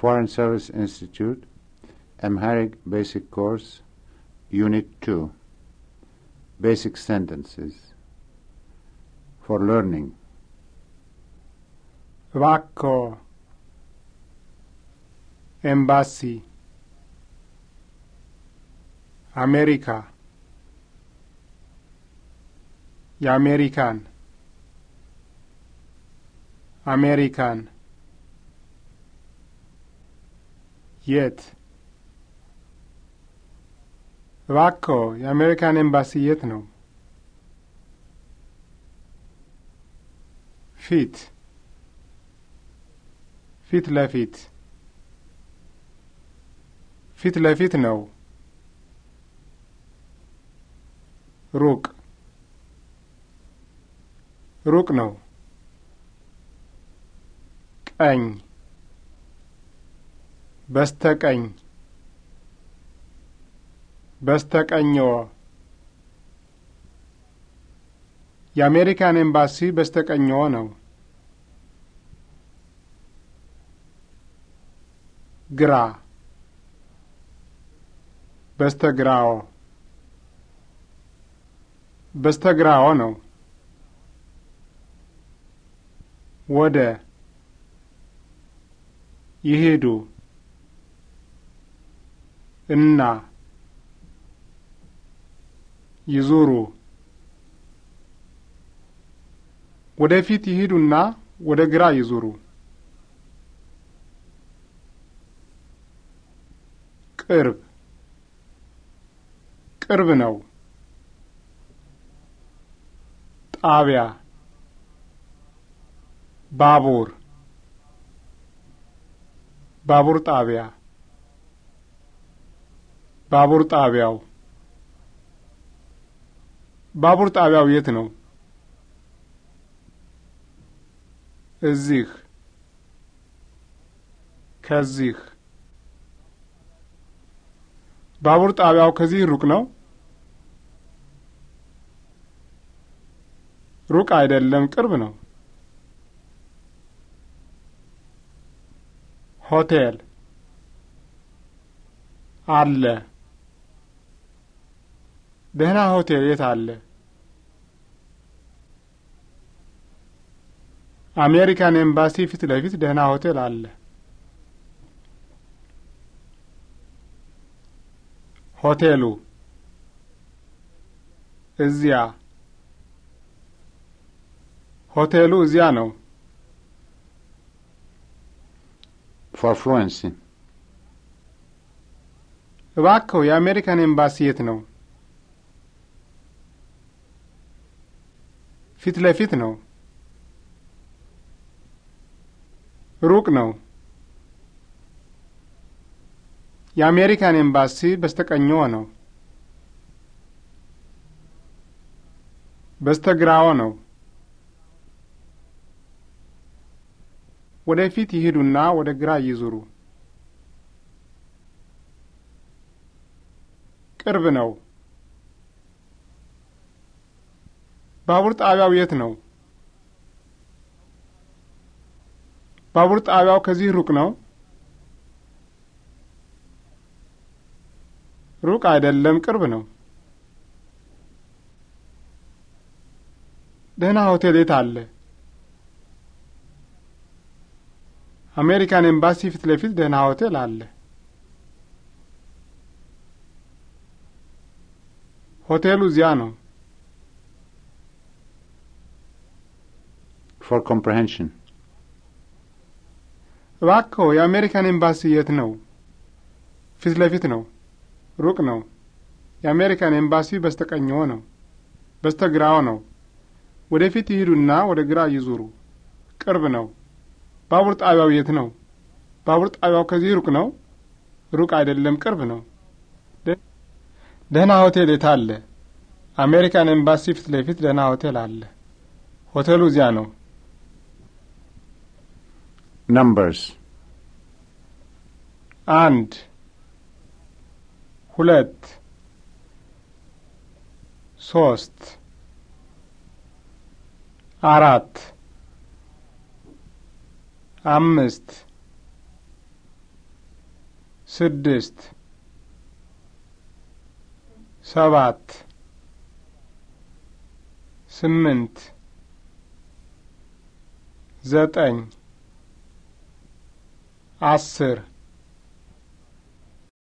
Foreign Service Institute, Amharic Basic Course, Unit 2, Basic Sentences, for Learning. Vako Embassy America American American የት? እባክዎ የአሜሪካን ኤምባሲ የት ነው? ፊት ፊት ለፊት ፊት ለፊት ነው። ሩቅ ሩቅ ነው። ቀኝ በስተቀኝ በስተቀኝዎ የአሜሪካን ኤምባሲ በስተቀኝዎ ነው። ግራ በስተግራዎ በስተግራዎ ነው። ወደ ይሄዱ እና ይዙሩ ወደፊት ይሂዱና ወደ ግራ ይዙሩ። ቅርብ ቅርብ ነው። ጣቢያ ባቡር ባቡር ጣቢያ ባቡር ጣቢያው ባቡር ጣቢያው የት ነው? እዚህ ከዚህ ባቡር ጣቢያው ከዚህ ሩቅ ነው? ሩቅ አይደለም፣ ቅርብ ነው። ሆቴል አለ። ደህና ሆቴል የት አለ? አሜሪካን ኤምባሲ ፊት ለፊት ደህና ሆቴል አለ። ሆቴሉ እዚያ ሆቴሉ እዚያ ነው። ፎር ፍሉዌንሲ እባክዎ የአሜሪካን ኤምባሲ የት ነው? ፊት ለፊት ነው። ሩቅ ነው። የአሜሪካን ኤምባሲ በስተቀኝዎ ነው። በስተግራዎ ነው። ወደፊት ይሂዱና ወደ ግራ ይዙሩ። ቅርብ ነው። ባቡር ጣቢያው የት ነው? ባቡር ጣቢያው ከዚህ ሩቅ ነው? ሩቅ አይደለም፣ ቅርብ ነው። ደህና ሆቴል የት አለ? አሜሪካን ኤምባሲ ፊት ለፊት ደህና ሆቴል አለ። ሆቴሉ እዚያ ነው። for comprehension. እባክዎ የአሜሪካን ኤምባሲ የት ነው? ፊት ለፊት ነው። ሩቅ ነው። የአሜሪካን ኤምባሲ በስተቀኝዎ ነው። በስተግራው ነው። ወደፊት ይሂዱና ወደ ግራ ይዙሩ። ቅርብ ነው። ባቡር ጣቢያው የት ነው? ባቡር ጣቢያው ከዚህ ሩቅ ነው? ሩቅ አይደለም፣ ቅርብ ነው። ደህና ሆቴል የት አለ? አሜሪካን ኤምባሲ ፊት ለፊት ደህና ሆቴል አለ። ሆቴሉ እዚያ ነው። numbers. And Hulet Sost Arat Amist Siddist Savat Cement Zetany አስር